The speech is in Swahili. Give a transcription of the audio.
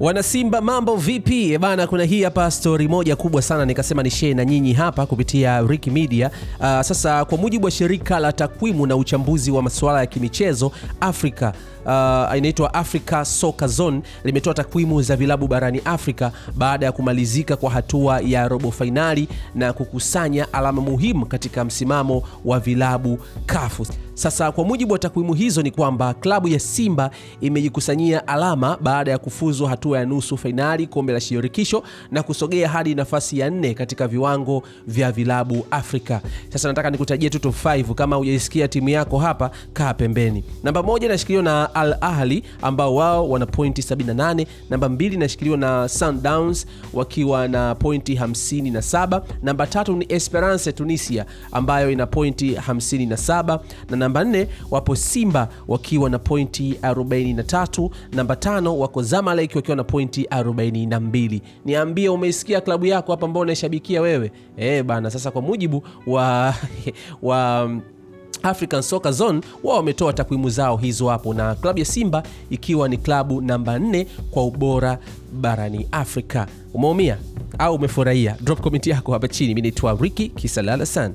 Wanasimba mambo vipi? E bana, kuna hii hapa stori moja kubwa sana nikasema ni share na nyinyi hapa kupitia Rick Media. Uh, sasa kwa mujibu wa shirika la takwimu na uchambuzi wa masuala ya kimichezo Afrika uh, ah, inaitwa Africa Soccer Zone limetoa takwimu za vilabu barani Afrika baada ya kumalizika kwa hatua ya robo fainali na kukusanya alama muhimu katika msimamo wa vilabu kafu. Sasa kwa mujibu wa takwimu hizo ni kwamba klabu ya Simba imejikusanyia alama baada ya kufuzu hatua ya nusu fainali kombe la shirikisho na kusogea hadi nafasi ya nne katika viwango vya vilabu Afrika. Sasa nataka nikutajie tu top 5 kama hujaisikia timu yako hapa, kaa pembeni. Namba moja inashikiliwa na Al Ahli ambao wao wana pointi 78. Namba mbili inashikiliwa na Sundowns wakiwa na pointi 57. Namba tatu ni Esperance Tunisia ambayo ina pointi 57 na namba 4 wapo Simba wakiwa na pointi 43, namba tano wako Zamalek wakiwa na pointi 42. Niambie, umeisikia klabu yako hapa ambao unaishabikia wewe? Eh bana, sasa kwa mujibu wa wa mm, African Soccer Zone wao wametoa takwimu zao hizo hapo, na klabu ya Simba ikiwa ni klabu namba 4 kwa ubora barani Afrika. Umeumia au umefurahia? Drop comment yako hapa chini. Mimi naitwa Ricky Kisalala San.